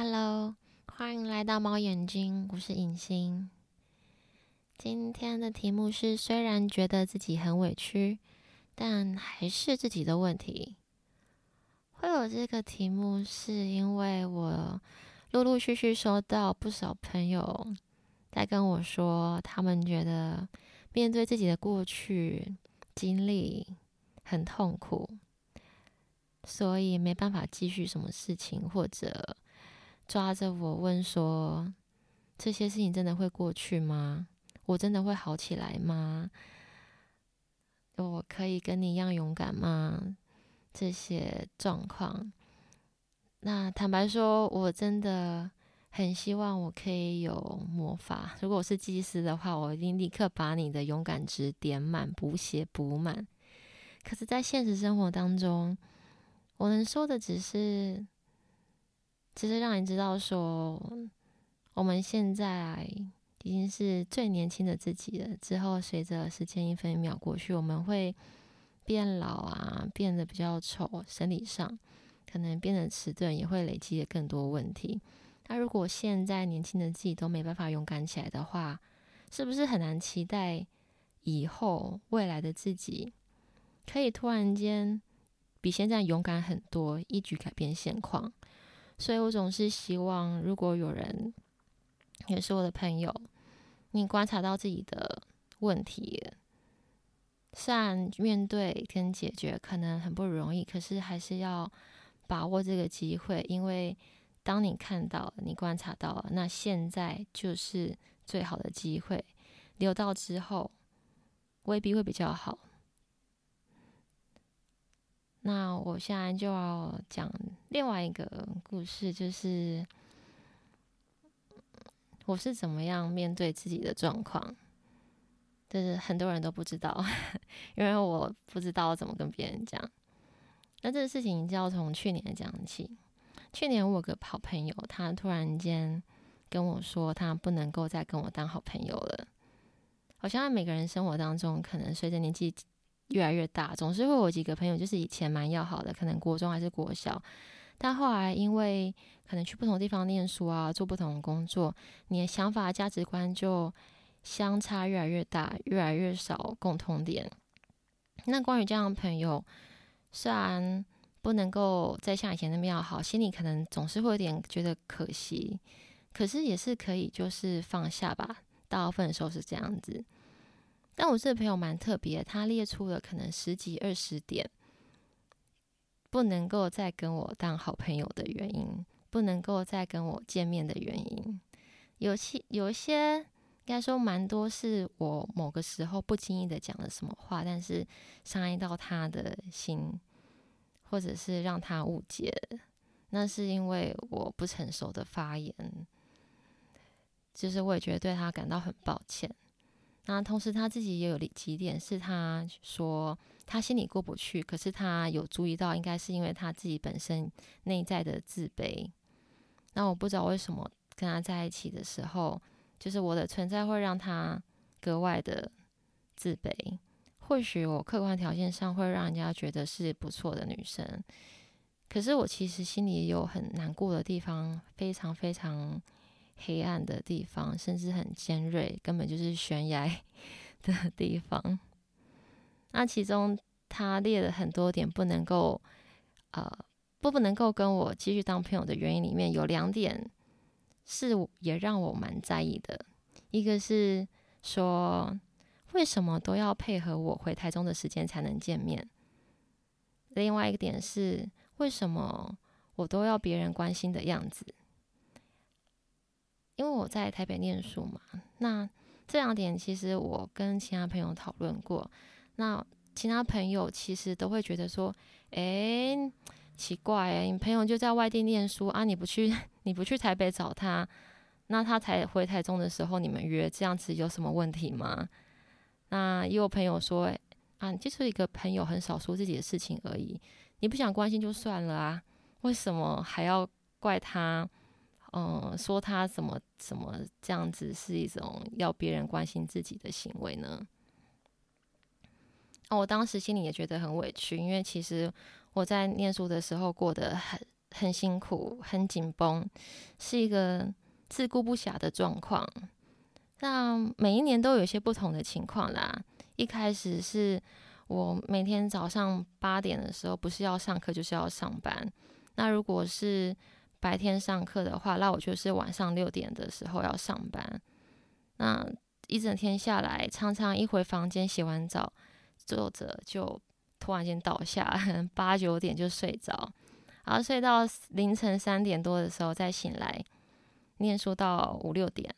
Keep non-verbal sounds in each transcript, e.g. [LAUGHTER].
Hello，歡迎來到貓眼睛，我是影星。今天的題目是：雖然覺得自己很委屈，但還是自己的問題。會有這個題目，是因為我陸陸續續收到不少朋友在跟我說，他們覺得面對自己的過去經歷很痛苦，所以沒辦法繼續什麼事情或者。抓着我問說：“這些事情真的會過去嗎？我真的會好起來嗎？我可以跟你一樣勇敢嗎？這些狀況……那坦白說，我真的很希望我可以有魔法。如果我是祭司的話，我一定立刻把你的勇敢值點滿，補血補滿。可是，在現實生活當中，我能說的只是……”其實讓你知道說，說我們現在已經是最年輕的自己了。之後，隨着時間一分一秒過去，我們會變老啊，變得比較醜，生理上可能變得遲鈍，也會累積的更多問題。那如果現在年輕的自己都沒辦法勇敢起來的話，是不是很難期待以後未來的自己可以突然間比現在勇敢很多，一舉改變現況？所以我總是希望，如果有人也是我的朋友，你觀察到自己的問題，雖然面對跟解決可能很不容易，可是還是要把握這個機會，因為當你看到了、你觀察到了，那現在就是最好的機會。留到之後，未必會比較好。那我現在就要講。另外一個故事就是，我是怎麼樣面對自己的狀況，就是很多人都不知道，因為我不知道怎麼跟別人講。那這個事情就要從去年講起，去年我有個好朋友，他突然間跟我說，他不能夠再跟我當好朋友了。好像每個人生活當中，可能隨着年紀。越來越大，總是會有幾個朋友，就是以前蠻要好的，可能國中還是國小，但後來因為可能去不同地方念書啊，做不同的工作，你的想法、價值觀就相差越來越大，越來越少共通點。那關於這樣的朋友，雖然不能夠再像以前那麼要好，心裡可能總是會有點覺得可惜，可是也是可以，就是放下吧。大部分的時候是這樣子。但我這個朋友蠻特別，他列出了可能十幾二十點，不能夠再跟我當好朋友的原因，不能夠再跟我見面的原因。有些，有一些應該說蠻多是我某個時候不經意的講了什麼話，但是傷害到他的心，或者是讓他誤解，那是因為我不成熟的發言，就是我也覺得對他感到很抱歉。那同時他自己也有幾點是他說他心裡過不去，可是他有注意到，應該是因為他自己本身內在的自卑。那我不知道為什麼跟他在一起的時候，就是我的存在會讓他格外的自卑。或許我客觀條件上會讓人家覺得是不錯的女生，可是我其實心裡有很難過的地方，非常非常。黑暗的地方，甚至很尖銳，根本就是懸崖的地方。那其中，他列了很多點不能夠，呃，不不能夠跟我繼續當朋友的原因，裡面有兩點是也讓我蠻在意的。一個是說，為什麼都要配合我回台中的時間才能見面？另外一點是，為什麼我都要別人關心的樣子？因為我在台北念書嘛，那這兩點其實我跟其他朋友討論過，那其他朋友其實都會覺得說，誒、欸，奇怪欸，你朋友就在外地念書啊，你不去你不去台北找他，那他才回台中的時候你們約，這樣子有什麼問題嗎？那也有朋友說欸，啊，就是一個朋友很少說自己的事情而已，你不想關心就算了啊，為什麼還要怪他？嗯，說他怎麼怎麼這樣子是一種要別人關心自己的行為呢？啊、哦，我當時心裡也覺得很委屈，因為其實我在念書的時候過得很很辛苦，很緊繃，是一個自顧不暇的狀況。那每一年都有一些不同的情況啦。一開始是我每天早上八點的時候，不是要上課就是要上班。那如果是白天上課的話，那我就是晚上六點的時候要上班，那一整天下來，常常一回房間洗完澡，坐着就突然間倒下，八九點就睡着，然後睡到凌晨三點多的時候再醒來，念書到五六點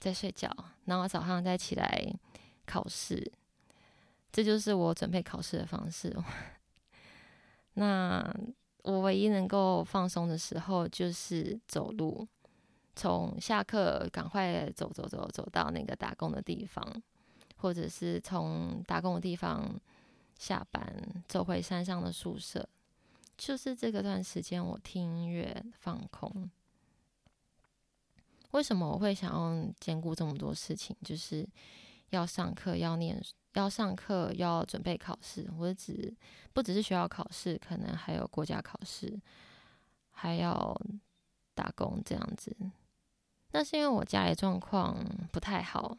再睡覺，然後早上再起來考試，這就是我準備考試的方式。 [LAUGHS] 那。我唯一能夠放鬆的時候就是走路，從下課趕快走走走走到那個打工的地方，或者是從打工的地方下班走回山上的宿舍。就是這個段時間，我聽音樂放空。為什麼我會想要兼顧這麼多事情？就是要上課，要念書。要上課，要準備考試，我只不只是學校考試，可能還有國家考試，還要打工這樣子。那是因為我家裡狀況不太好，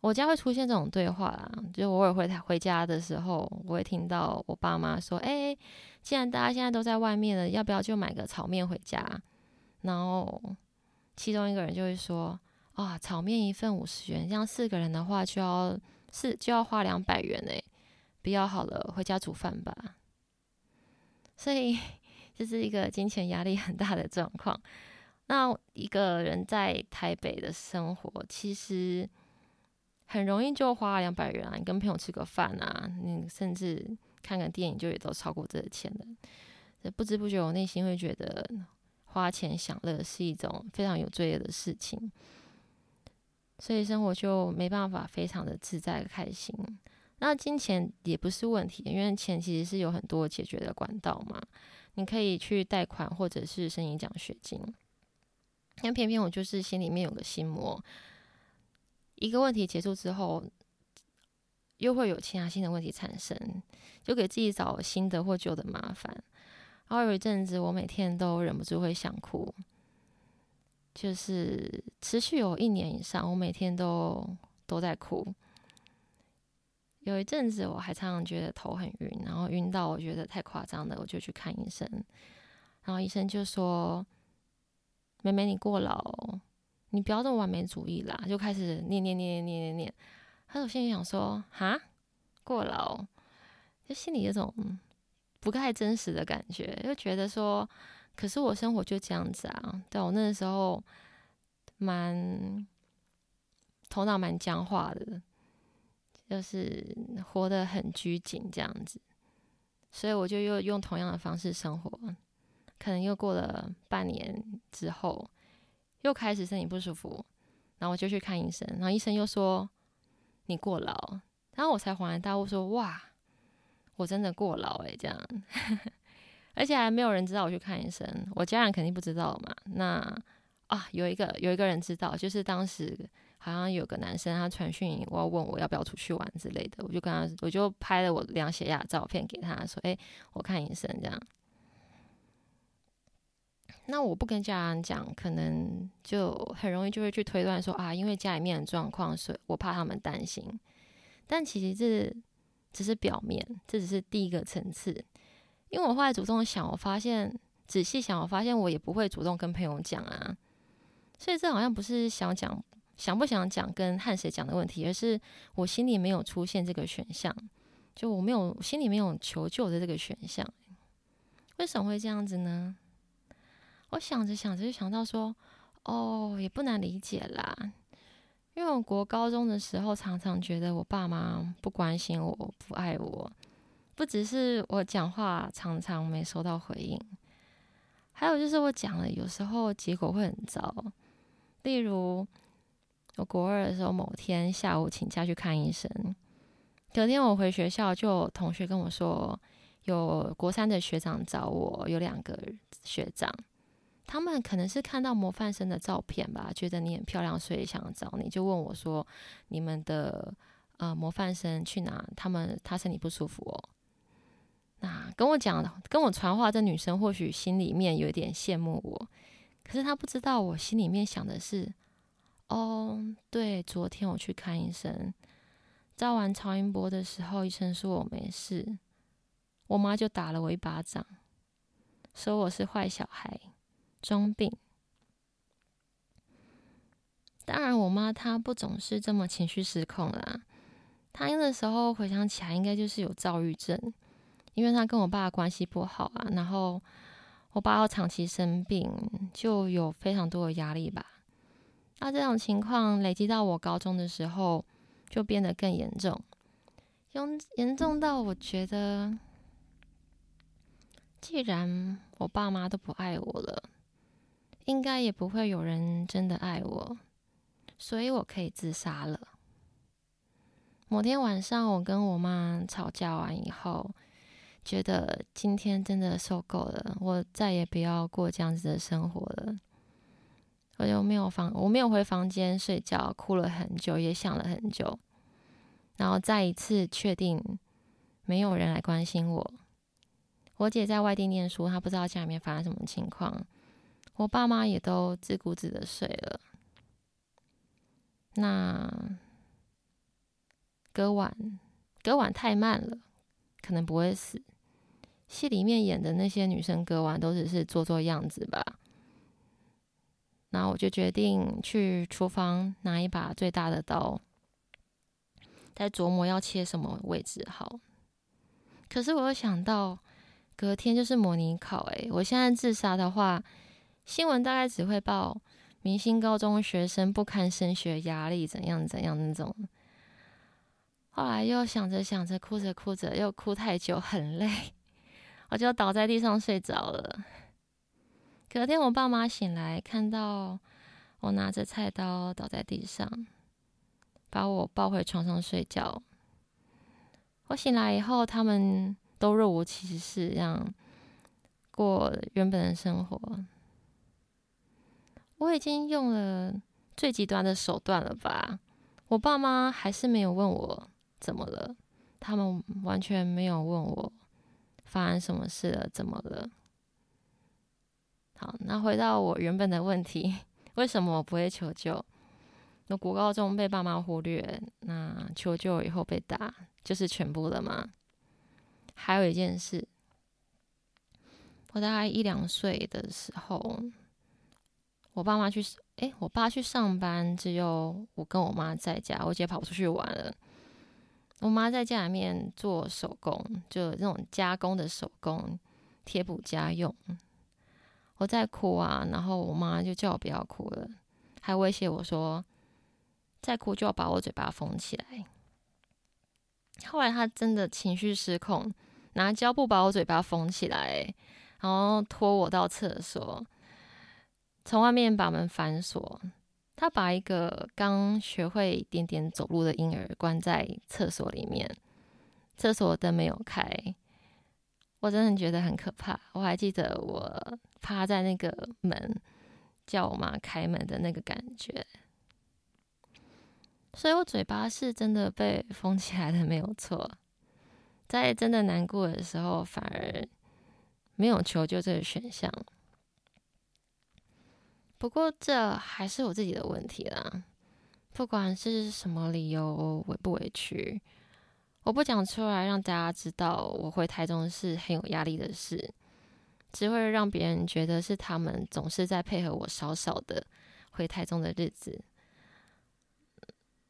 我家會出現這種對話啦，就我也會回，回家的時候，我會聽到我爸媽說：“哎、欸，既然大家現在都在外面了，要不要就買個炒麵回家？”然後其中一個人就會說：“啊，炒麵一份五十元，這樣四個人的話就要。”是，就要花兩百元哎、欸，不要好了，回家煮飯吧。所以，這是一個金錢壓力很大的狀況。那一個人在台北的生活，其實很容易就花兩百元啊，你跟朋友吃個飯啊，你甚至看個電影就也都超過這個錢了。不知不覺，我內心會覺得花錢享樂是一種非常有罪惡的事情。所以生活就沒辦法非常的自在的開心，那金錢也不是問題，因為錢其實是有很多解決的管道嘛，你可以去貸款或者是申請獎學金。但偏偏我就是心裡面有個心魔，一個問題結束之後，又會有其他新的問題產生，就給自己找新的或舊的麻煩。然後有一陣子，我每天都忍不住會想哭。就是持續有一年以上，我每天都都在哭。有一陣子，我還常常覺得頭很暈，然後暈到我覺得太誇張了，我就去看醫生。然後醫生就說：“妹妹，你過勞，你不要這麼完美主義啦。”就開始念念念念念念念。然後我心裡想說：“哈，過勞。”就心裡這種不太真實的感覺，就覺得說。可是我生活就這樣子啊，對，我那個時候，蠻頭腦蠻僵化的，就是活得很拘謹這樣子，所以我就又用同樣的方式生活，可能又過了半年之後，又開始身體不舒服，然後我就去看醫生，然後醫生又說，你過勞，然、啊、後我才恍然大悟說哇，我真的過勞誒、欸，這樣。 [LAUGHS] 而且還沒有人知道我去看醫生，我家人肯定不知道嘛。那啊，有一個有一個人知道，就是當時好像有個男生他傳訊，我要問我要不要出去玩之類的，我就跟他，我就拍了我量血壓的照片給他，說：“欸，我看醫生這樣。”那我不跟家人講，可能就很容易就會去推斷說啊，因為家裡面的狀況，所以我怕他們擔心。但其實這只是表面，這只是第一個層次。因為我後來主動想，我發現仔細想，我發現我也不會主動跟朋友講啊，所以這好像不是想講想不想講跟和誰講的問題，而是我心裡沒有出現這個選項，就我沒有我心裡沒有求救的這個選項，為什麼會這樣子呢？我想着想着就想到說，哦，也不難理解啦，因為我國高中的時候常常覺得我爸媽不關心我不愛我。不只是我講話常常沒收到回應，還有就是我講了有時候結果會很糟。例如，我國二的時候某天下午請假去看醫生，隔天我回學校就同學跟我說有國三的學長找我，有兩個學長，他們可能是看到模範生的照片吧，覺得你很漂亮，所以想找你，就問我說你們的呃模範生去哪？他們他身體不舒服哦。那、啊、跟我講、跟我傳話的這女生，或許心裡面有點羨慕我，可是她不知道我心裡面想的是：哦，對，昨天我去看醫生，照完超音波的時候，醫生說我沒事，我媽就打了我一巴掌，說我是壞小孩，裝病。當然，我媽她不總是這麼情緒失控啦，她那個時候回想起來，應該就是有躁鬱症。因為他跟我爸的關係不好啊，然後我爸要長期生病，就有非常多的壓力吧。那、啊、這種情況累積到我高中的時候，就變得更嚴重，嚴重到我覺得，既然我爸媽都不愛我了，應該也不會有人真的愛我，所以我可以自殺了。某天晚上，我跟我媽吵架完以後。覺得今天真的受夠了，我再也不要過這樣子的生活了。我就沒有房，我沒有回房間睡覺，哭了很久，也想了很久，然後再一次確定沒有人來關心我。我姐在外地念書，她不知道家裡面發生什麼情況。我爸媽也都自顧自的睡了。那割腕，割腕太慢了，可能不會死。戲裡面演的那些女生割腕都只是做做樣子吧。然後我就決定去廚房拿一把最大的刀，在琢磨要切什麼位置好。可是我又想到，隔天就是模擬考，哎，我現在自殺的話，新聞大概只會報明星高中學生不堪升學壓力怎樣怎樣那種。後來又想着想着，哭着哭着又哭太久，很累。我就倒在地上睡着了。隔天，我爸媽醒來看到我拿着菜刀倒在地上，把我抱回床上睡覺。我醒來以後，他們都若無其事，這樣過原本的生活。我已經用了最極端的手段了吧？我爸媽還是沒有問我怎麼了，他們完全沒有問我。發生什麼事了？怎麼了？好，那回到我原本的問題，為什麼我不會求救？那國高中被爸媽忽略，那求救以後被打，就是全部了嗎？還有一件事，我大概一兩歲的時候，我爸媽去，誒、欸，我爸去上班，只有我跟我媽在家，我姐跑出去玩了。我媽在家裡面做手工，就那種加工的手工，貼補家用。我在哭啊，然後我媽就叫我不要哭了，還威脅我說，再哭就要把我嘴巴封起來。後來她真的情緒失控，拿膠布把我嘴巴封起來，然後拖我到廁所，從外面把門反鎖。他把一個剛學會一點點走路的嬰兒關在廁所裡面，廁所燈沒有開，我真的覺得很可怕。我還記得我趴在那個門，叫我媽開門的那個感覺。所以我嘴巴是真的被封起來的，沒有錯。在真的難過的時候，反而沒有求救這個選項。不過，這還是我自己的問題啦。不管是什麼理由，委不委屈，我不講出來讓大家知道，我回台中是很有壓力的事，只會讓別人覺得是他們總是在配合我，少少的回台中的日子。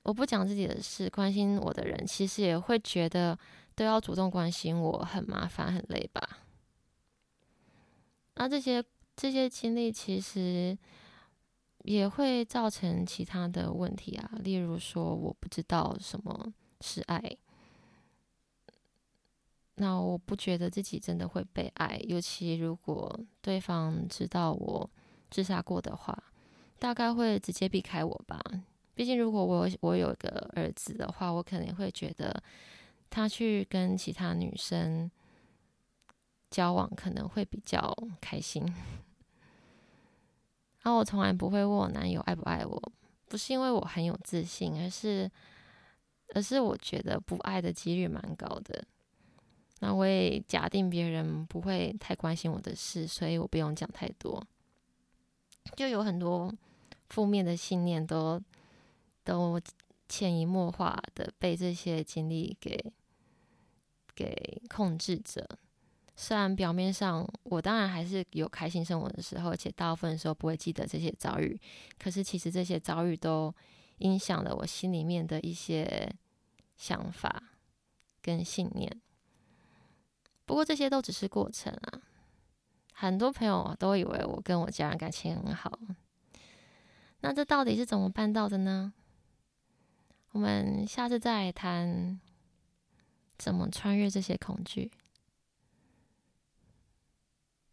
我不講自己的事，關心我的人其實也會覺得都要主動關心我，很麻煩很累吧。那這些。這些經歷其實也會造成其他的問題啊，例如說我不知道什麼是愛，那我不覺得自己真的會被愛，尤其如果對方知道我自殺過的話，大概會直接避開我吧。畢竟如果我有我有一個兒子的話，我可能會覺得他去跟其他女生交往可能會比較開心。然後我從來不會問我男友愛不愛我，不是因為我很有自信，而是，而是我覺得不愛的幾率蠻高的。那我也假定別人不會太關心我的事，所以我不用講太多。就有很多負面的信念都，都潛移默化的被這些經歷給，給控制着。雖然表面上我當然還是有開心生活的時候，而且大部分的時候不會記得這些遭遇，可是其實這些遭遇都影響了我心裡面的一些想法跟信念。不過這些都只是過程啊，很多朋友都以為我跟我家人感情很好，那這到底是怎麼辦到的呢？我們下次再談怎麼穿越這些恐懼。